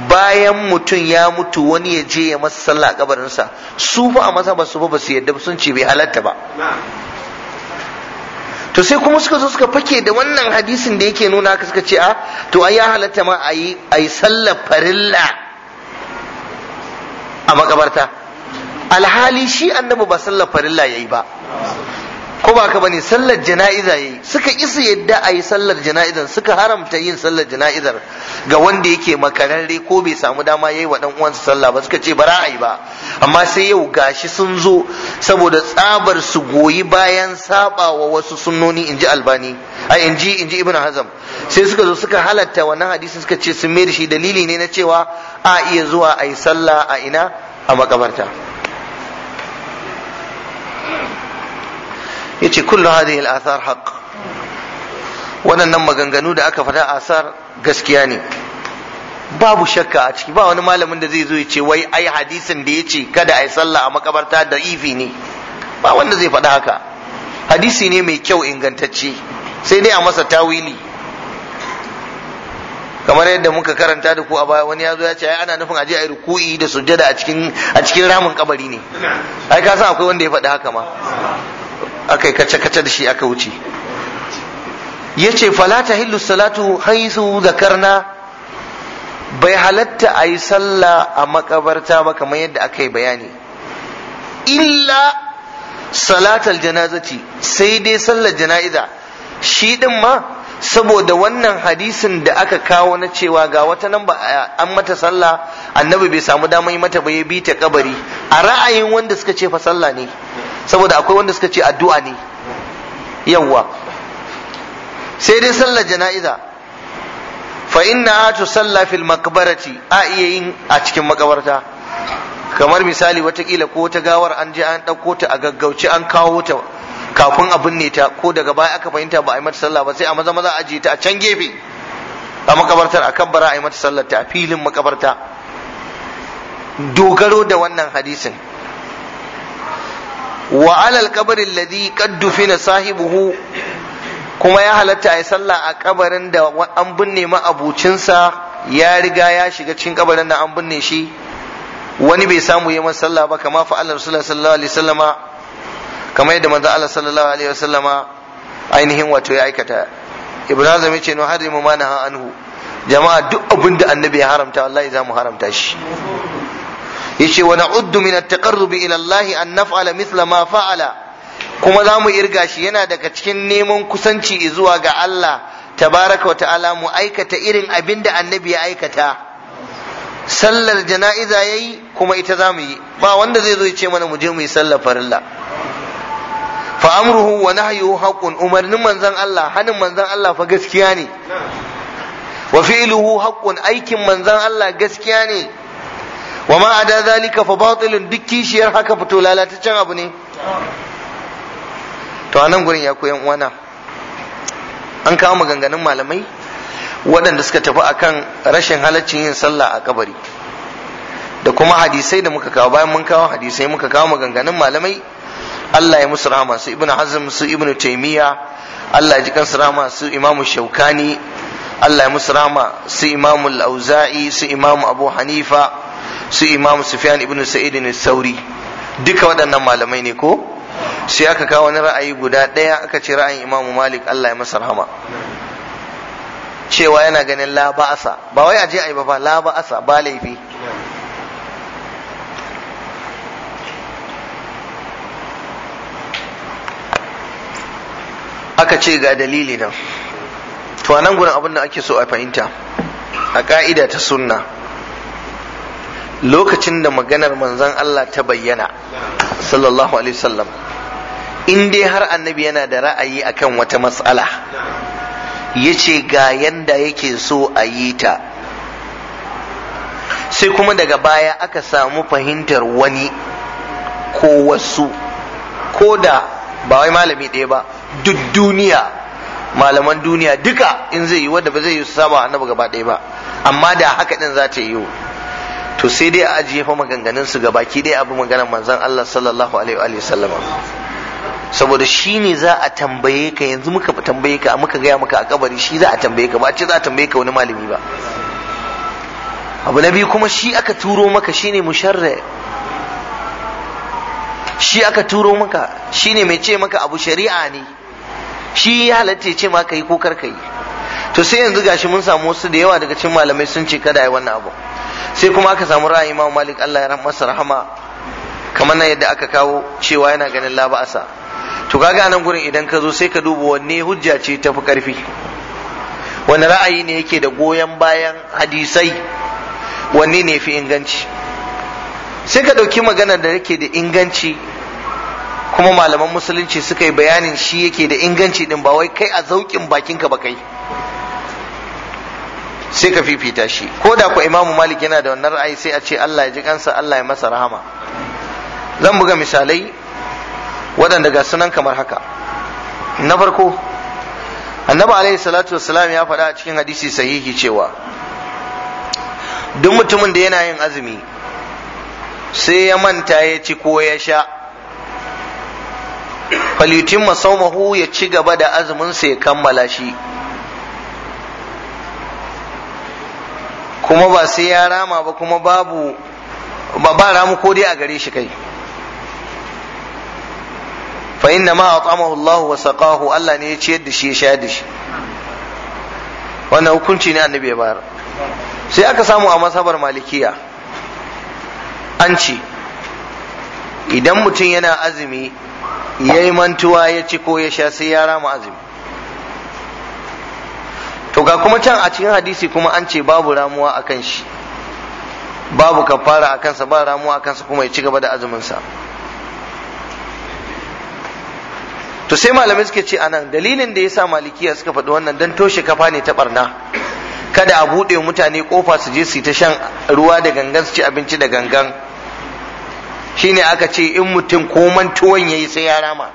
bayan mutum ya mutu wani ya je ya masa sallah a kabarinsa su fa a mazhabar su ba su yadda sun ce bai halatta ba to sai kuma suka zo suka fake da wannan hadisin da yake nuna haka suka ce a ah, to ai ya halatta ma ayi yi sallar farilla a makabarta alhali shi annabi ba sallar farilla yayi ba ko ba ka bane sallar jana'iza yi suka isa yadda a yi sallar jana'izar suka haramta yin sallar jana'izar ga wanda yake makararre ko bai samu dama yayi wa dan uwansa sallah ba suka ce bara a ba amma sai yau gashi sun zo saboda tsabar su goyi bayan saba wa wasu sunnoni inji albani a inji inji ibn hazm sai suka zo suka halatta wannan hadisi suka ce sun mai shi dalili ne na cewa a iya zuwa a yi sallah a ina a makabarta yace kullu hadhihi al-athar haqq waɗannan maganganu da aka faɗa asar gaskiya ne babu shakka a ciki ba wani malamin da zai zo ya ce wai ai hadisin da ya ce kada a yi sallah a makabarta da ifi ne ba wanda zai faɗa haka hadisi ne mai kyau ingantacce sai dai a masa tawili kamar yadda muka karanta da ku a baya wani ya zo ya ce ai ana nufin aje a yi ruku'i da sujjada a cikin a cikin ramin kabari ne ai ka san akwai wanda ya faɗi haka ma aka yi kace-kace da shi aka wuce ya ce falata hillu salatu haisu zakarna bai halatta ayi yi sallah a makabarta ba kamar yadda aka yi bayani illa salatal janazati sai dai sallar jana'iza shi din ma saboda wannan hadisin da aka kawo na cewa ga wata nan ba an mata sallah annabi bai samu damar mata ba ya bi ta kabari a ra'ayin wanda suka ce fa sallah ne saboda akwai wanda suka ce addu'a ne yawwa sai dai sallar jana'iza fa inna atu salla fil makbarati a iya yin a cikin makabarta kamar misali watakila ko ta gawar an je an ɗauko ta a gaggauci an kawo ta kafin a binne ta ko daga baya aka fahimta ba a yi mata sallah ba sai a maza maza ajiye ta a can gefe a makabartar a kabbara a yi mata sallar ta a filin makabarta dogaro da wannan hadisin wa alal kabari alladhi qad dufina sahibuhu kuma ya halatta ayi sallah a kabarin da an binne ma'abucinsa ya riga ya shiga cikin kabarin da an binne shi wani bai samu yi masa sallah ba kama fa Allah sallallahu alaihi wasallama kamar yadda manzo Allah sallallahu alaihi wasallama ainihin wato ya aikata Ibrahim ya ce no harimu ma naha anhu jama'a duk abin da annabi ya haramta wallahi zamu mu haramta shi yace wa na'uddu min at-taqarrub ila Allah an naf'ala mithla ma fa'ala kuma za mu irga shi yana daga cikin neman kusanci zuwa ga Allah tabaraka wa ta'ala mu aikata irin abin da annabi ya aikata sallar jana'iza yayi kuma ita zamu yi ba wanda zai zo ya ce mana mu je mu yi sallar farilla fa amruhu wa nahyuhu haqqun umarnin manzon Allah hanin manzon Allah fa gaskiya ne wa fi'luhu haqqun aikin manzon Allah gaskiya ne wa ma ada zalika fa batilun duk kishiyar haka fito lalataccen abu ne to a nan gurin ya koyan uwana an kawo maganganun malamai waɗanda suka tafi akan rashin halaccin yin sallah a kabari da kuma hadisai da muka kawo bayan mun kawo hadisai muka kawo maganganun malamai Allah ya musu rahama su ibnu hazm su ibnu taymiya Allah ya ji kansu rahama su imamu shaukani Allah ya musu rahama su imamu al-auza'i su imamu abu hanifa su imamu sufyan ibn sa'id ne sauri duka waɗannan malamai ne ko sai aka kawo wani ra'ayi guda ɗaya aka ce ra'ayin imamu malik allah ya masa rahama cewa yana ganin la ba'asa ba wai aje ai ba ba la ba'asa ba laifi aka ce ga dalili nan to nan gurin abin da ake so a fahimta a ka'ida ta sunna lokacin da maganar manzon Allah ta bayyana sallallahu alaihi wasallam in dai har annabi yana da ra'ayi akan wata matsala yace ga yanda yake so a yi ta sai kuma daga baya aka samu fahimtar wani ko wasu ko da ba wai malami ɗaya ba duk duniya malaman duniya duka in zai yi wadda ba zai yi saba annabi gaba ɗaya ba amma da haka ɗin za ta yi. to sai dai a ajiye fa maganganun su ga baki dai abu maganar manzon Allah sallallahu alaihi wa sallama saboda shi ne za a tambaye ka yanzu muka tambaye ka muka gaya maka a kabari shi za a tambaye ka ba ce za a tambaye ka wani malami ba abu na biyu kuma shi aka turo maka shi ne musharra shi aka turo maka shi ne mai ce maka abu shari'a ne shi ya halatta ce ma ka yi ko kar ka yi to sai yanzu gashi mun samu wasu da yawa daga cikin malamai sun ce kada yi wannan abu sai kuma aka samu ra'ayi Imam Malik Allah ya masa rahama kamar nan yadda aka kawo cewa yana ganin la ba'asa to kaga anan gurin idan ka zo sai ka duba wanne hujja ce ta fi karfi wani ra'ayi ne yake da goyon bayan hadisai wanne ne fi inganci sai ka ɗauki magana da yake da inganci kuma malaman musulunci suka yi bayanin shi yake da inganci din ba wai kai a zaukin bakinka ba kai sai ka fifita shi ko da ku imamu malik yana da wannan ra'ayi sai a ce Allah ya ji kansa Allah ya masa rahama zan buga misalai waɗanda ga sunan kamar haka na farko annabi alaihi salatu wassalam ya faɗa a cikin hadisi sahihi cewa duk mutumin da yana yin azumi sai ya manta ya ci ko ya sha falitin masaumahu ya ci gaba da azumin sai ya kammala shi kuma ba sai ya rama ba kuma babu ba ba ramu ko dai a gare shi kai fa inna ma at'amahu Allah wa saqahu Allah ne ya ci yadda shi ya sha da shi wannan hukunci ne annabi ya bayar sai aka samu a masabar malikiya an ce idan mutum yana azumi ya yi mantuwa ya ci ko ya sha sai ya rama azumi to ga kuma can a cikin hadisi kuma an ce babu ramuwa a kan shi babu kafara a kansa ba ramuwa a kansa kuma ya ci gaba da azuminsa to sai malamai suke ce anan dalilin da ya sa malikiya suka faɗi wannan don toshe kafa ne ta barna kada a buɗe mutane ƙofa su je su ta shan ruwa da gangan su ci abinci da gangan shine aka ce in mutum koman tuwon yi sai ya rama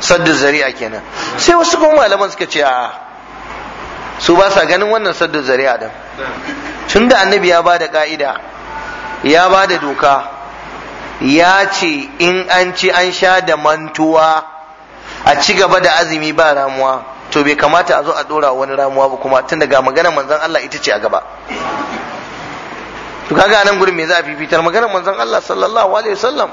saddu zari'a kenan sai wasu kuma malaman suka ce a. su ba sa ganin wannan saddu zari'a din tun da annabi ya ba da ka'ida ya ba da doka ya ce in an ci an sha da mantuwa a ci gaba da azumi ba ramuwa to bai kamata a zo a dora wani ramuwa ba kuma tun daga maganar manzon Allah ita ce a gaba to kaga nan gurin me za a fifitar maganar manzon Allah sallallahu alaihi wasallam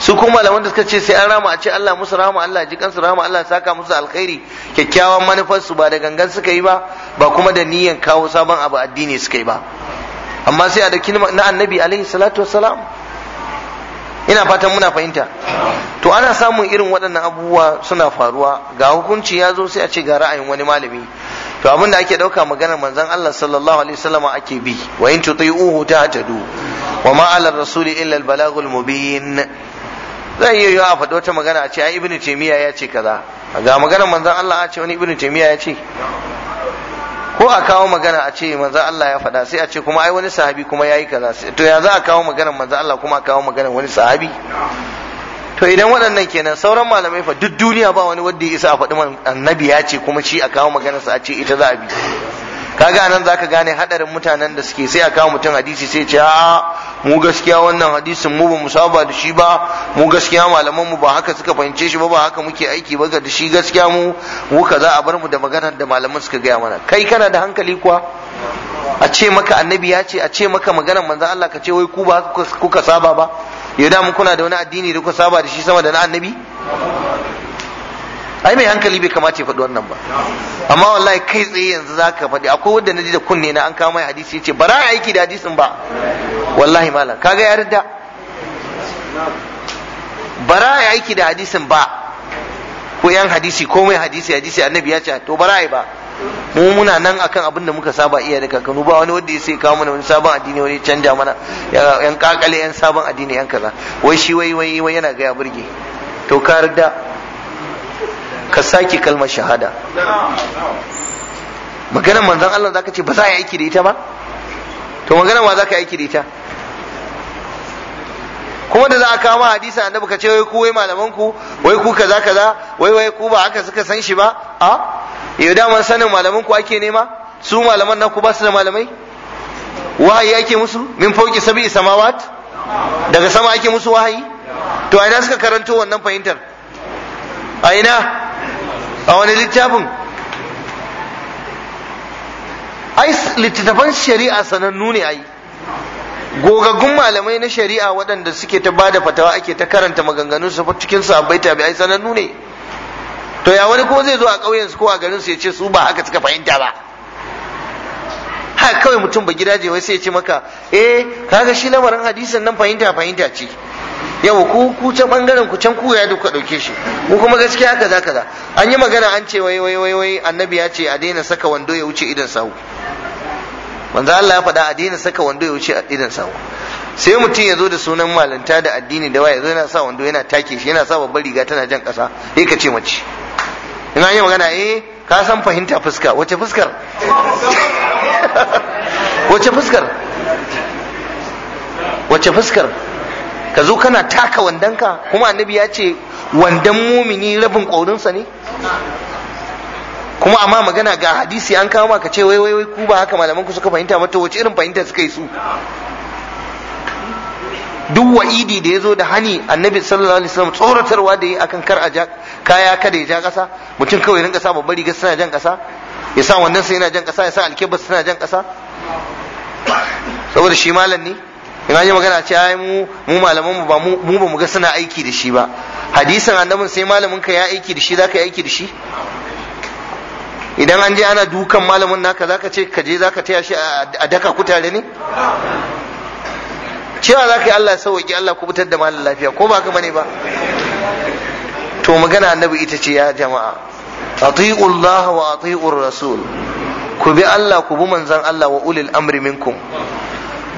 su kuma malaman da suka ce sai an rama a ce Allah musu rama Allah ji kansu rama Allah saka musu alkhairi kyakkyawan manufar su ba da gangan suka yi ba ba kuma da niyyan kawo sabon abu addini suka yi ba amma sai a dakin na annabi alaihi salatu wassalam ina fatan muna fahimta to ana samun irin waɗannan abubuwa suna faruwa ga hukunci ya zo sai a ce ga ra'ayin wani malami to abin da ake ɗauka maganar manzon Allah sallallahu alaihi wasallam ake bi wa in tuti'uhu tahtadu wa ma 'ala rasuli illa al-balagul mubin zai iya yiwa a faɗi wata magana a ce ai ibnu taymiya ya ce kaza ga maganar manzon Allah a ce wani ibnu taymiya ya ce ko a kawo magana a ce manzon Allah ya faɗa sai a ce kuma ai wani sahabi kuma yayi kaza to ya za a kawo maganar manzon Allah kuma a kawo maganar wani sahabi to idan waɗannan kenan sauran malamai fa duk duniya ba wani wanda ya isa a faɗi annabi ya ce kuma shi a kawo maganarsa a ce ita za a bi kaga nan zaka gane hadarin mutanen da suke sai a kawo mutum hadisi sai ce a mu gaskiya wannan hadisin mu ba mu saba da shi ba mu gaskiya malaman mu ba haka suka fahimce shi ba ba haka muke aiki ba ga shi gaskiya mu mu za a bar mu da maganar da malaman suka gaya mana kai kana da hankali kuwa a ce maka annabi ya ce a ce maka maganar manzo Allah ka ce wai ku ba kuka saba ba yau da mun kuna da wani addini da kuka saba da shi sama da na annabi ai mai hankali bai kamata ya faɗi wannan ba amma wallahi kai tsaye yanzu zaka faɗi akwai wanda naji da kunne na an kawo mai hadisi yace ba ran aiki da hadisin ba wallahi malam kaga ya ridda ba ran aiki da hadisin ba ko yan hadisi ko mai hadisi hadisi annabi ya ce to ba ra'ayi ba mu muna nan akan abin da muka saba iya da kakanu ba wani wanda ya sai kawo mana wani sabon addini wani canja mana yan kakale yan sabon addini yan kaza wai shi wai wai wai yana ga ya burge to ka rida ka sake kalmar shahada maganar manzon Allah zaka ce ba za a yi aiki da ita ba to maganar wa zaka yi aiki da ita kuma da za a kama hadisa annabi ka ce wai ku wai malaman ku wai ku kaza kaza wai wai ku ba haka suka san shi ba a yau daman sanin malaman ku ake nema su malaman naku ba su da malamai wahayi ake musu min fauki sabi samawat daga sama ake musu wahayi to a ina suka karanto wannan fahimtar a ina a wani littafin ai littattafan shari'a sanannu ne ai gogaggun malamai na shari'a waɗanda suke ta bada fatawa ake ta karanta maganganun su cikin abai tabi ai sanannu ne to ya wani kuma zai zo a ƙauyen su ko a garin su ya ce su ba haka suka fahimta ba haka kawai mutum ba gidaje wai sai ya ce maka eh kaga shi lamarin hadisin nan fahimta fahimta ce yau ku ku can bangaren ku can ku ya ka dauke shi ku kuma gaskiya kaza kaza an yi magana an ce wai wai wai wai annabi ya ce a daina saka wando ya wuce idan sahu. manzo Allah ya faɗa a daina saka wando ya wuce idan sahu. sai mutum ya zo da sunan malanta da addini da waya zo yana sa wando yana take shi yana sa babbar riga tana jan ƙasa eh ka ce mace in an yi magana eh ka san fahimta fuska wace fuskar wace fuskar wace fuskar ka zo kana taka wandanka kuma annabi ya ce wandan mumini rabin ƙaurinsa ne kuma amma magana ga hadisi an kama ka ce wai wai wai, ku ba haka malaman ku suka fahimta mata wace irin fahimta suka yi su duk wa'idi da ya zo da hani annabi sallallahu alaihi wasallam tsoratarwa da yi akan kar a kaya kada ya ja kasa mutum kawai rinka sa babbar riga suna jan kasa ya sa wannan sai yana jan kasa ya sa alkebas suna jan kasa saboda shi malam ne in an yi magana ce ai mu mu malaman mu ba mu ba mu ga suna aiki da shi ba hadisin annabin sai malamin ka ya aiki da shi zaka yi aiki da shi idan an je ana dukan malamin naka zaka ce ka je zaka taya shi a daka kutare ne cewa zaka yi Allah sauki Allah ku fitar da malam lafiya ko ba ka bane ba to magana annabi ita ce ya jama'a ati'u Allah wa ati'u Rasul ku bi Allah ku bi manzon Allah wa ulil amri minkum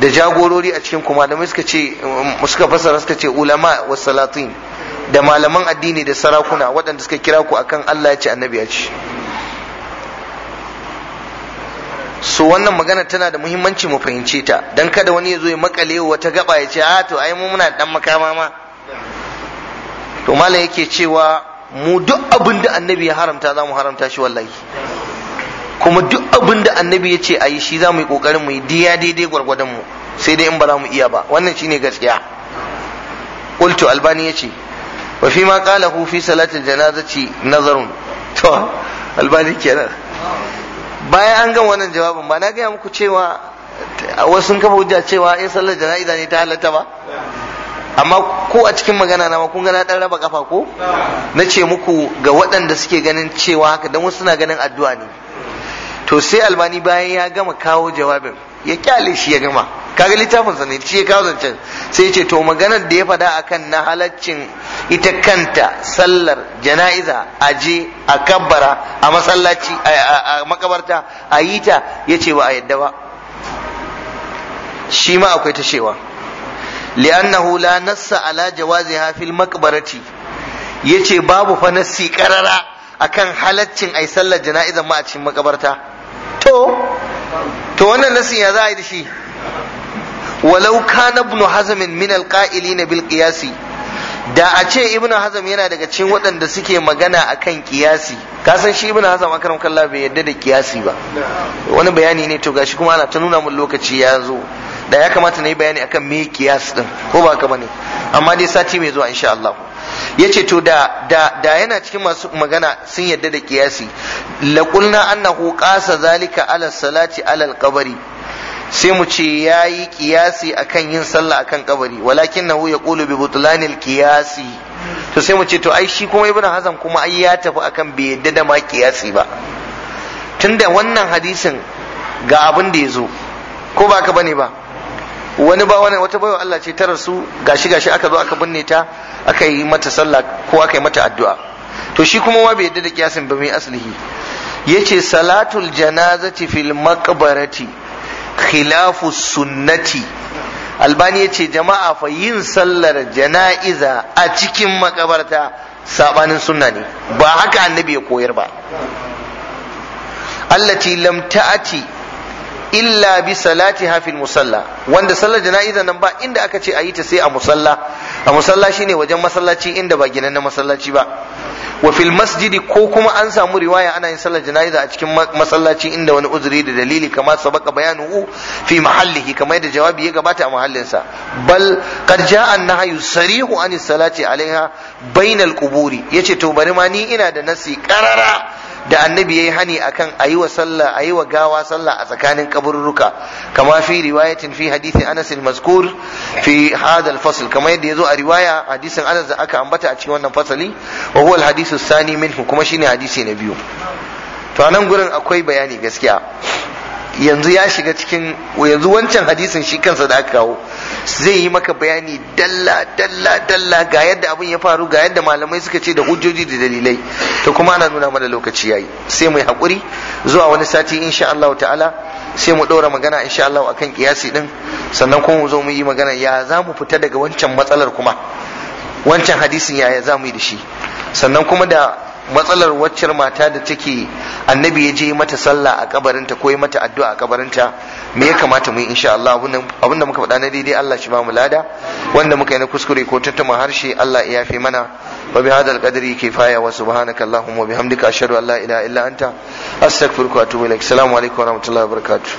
da jagorori a cikin kuma malamai suka ce um, suka fasara suka ce ulama wa salatin da malaman addini da sarakuna waɗanda suka kira ku akan Allah ya ce annabi ya ce so wannan magana tana da muhimmanci mu fahimce ta dan kada wani ya zo ya makale wata gaba ya ce a to ai mu muna dan makama ma to malam yake cewa mu duk abin da annabi ya haramta za mu haramta shi wallahi kuma duk abin da annabi ya ce a yi shi za mu yi ƙoƙarin mu yi diya daidai gwargwadon mu sai dai in ba za mu iya ba wannan shine gaskiya qultu albani ya ce wa fi ma hu fi salati janazati nazarun to albani kenan bayan an gan wannan jawabin ba na gaya muku cewa wasu sun kafa hujja cewa in eh, sallar jana'iza ne ta halatta ba amma ko a cikin magana na kun ga na dan raba kafa ko na ce muku ga waɗanda suke ganin cewa haka dan wasu suna ganin addu'a ne to sai albani bayan ya gama kawo jawabin ya kyale shi ya gama kaga littafin sa ne shi ya kawo zancen sai ya ce to maganar da ya faɗa akan na halaccin ita kanta sallar jana'iza a je a kabbara a masallaci a makabarta a yi ta ya ce ba a yadda ba shi ma akwai ta cewa li'annahu la nassa ala jawaziha fil Ya yace babu fa nassi qarara akan halaccin ai sallar jana'izan ma a cikin makabarta to to wannan nasin ya za a yi da shi walau na ibnu hazamin min na bil qiyasi da a ce ibnu hazam yana daga cikin waɗanda suke magana akan qiyasi ka san shi ibnu hazam akram kallah bai yadda da qiyasi ba wani bayani ne to gashi kuma ana ta nuna mun lokaci ya zo da ya kamata na yi bayani akan me kiyas din ko ba ka bane amma dai sati mai zuwa insha Allah yace to da da yana cikin masu magana sun yadda da kiyasi la qulna annahu qasa zalika ala salati ala alqabri sai mu ce yayi kiyasi akan yin sallah akan kabari walakin ya qulu bi butlani kiyasi to sai mu ce to ai shi kuma ibnu hazan kuma ai ya tafi akan bai yadda da ma kiyasi ba tunda wannan hadisin ga abin da ya zo ko ba ka bane ba wani ba wani wata baiwa Allah ce tarar su gashi gashi aka zo aka binne ta aka yi mata sallah ko aka yi mata addu'a to shi kuma ma bai yadda da kiyasin ba mai aslihi yace salatul janazati fil maqbarati khilafu sunnati albani yace jama'a fa yin sallar jana'iza a cikin makabarta sabanin sunna ne ba haka annabi ya koyar ba allati lam ta'ati illa bi salati hafil musalla wanda sallar jana'iza nan ba inda aka ce a yi ta sai a musalla a musalla shine wajen masallaci inda ba ginan na masallaci ba wa fil masjidi ko kuma an samu riwaya ana yin sallar jana'iza a cikin masallaci inda wani uzuri da dalili kamar sabaka bayanuhu fi mahallihi kamar yadda jawabi ya gabata a mahallinsa bal qad ja'a an-nahyu sarihu an salati alaiha bainal quburi yace to bari ma ni ina da nasi qarara da annabi ya yi hani akan ayi wa sallah wa gawa sallah a tsakanin kaburruka kama fi riwayatin fi hadisi Anas al-mazkur fi hadal fasl kama yadda yazo a riwaya hadisin Anas da aka ambata a cikin wannan fasali wa huwa al-hadithu thani minhu kuma shine hadisi na biyu to anan gurin akwai bayani gaskiya yanzu ya shiga cikin yanzu wancan hadisin shi kansa da aka kawo zai yi maka bayani dalla dalla dalla ga yadda abin ya faru ga yadda malamai suka ce da hujjoji da dalilai to kuma ana nuna mana lokaci yayi sai mu yi hakuri zuwa wani sati insha Allah ta'ala sai mu ɗora magana insha Allah akan kiyasi din sannan kuma mu zo mu yi magana ya za mu fita daga wancan matsalar kuma wancan hadisin yaya za mu yi da shi sannan kuma da matsalar waccar mata da take annabi ya je mata sallah a kabarinta ko ya mata addu'a a kabarinta me ya kamata mu yi insha Allah muka faɗa na daidai Allah shi ba mu lada wanda muka yi na kuskure ko tattama harshe Allah ya yafe mana wa bi hadal qadri kifaya wa subhanaka allahumma wa bihamdika ashhadu an la ilaha illa anta astaghfiruka wa atubu ilaik assalamu alaikum wa rahmatullahi wa barakatuh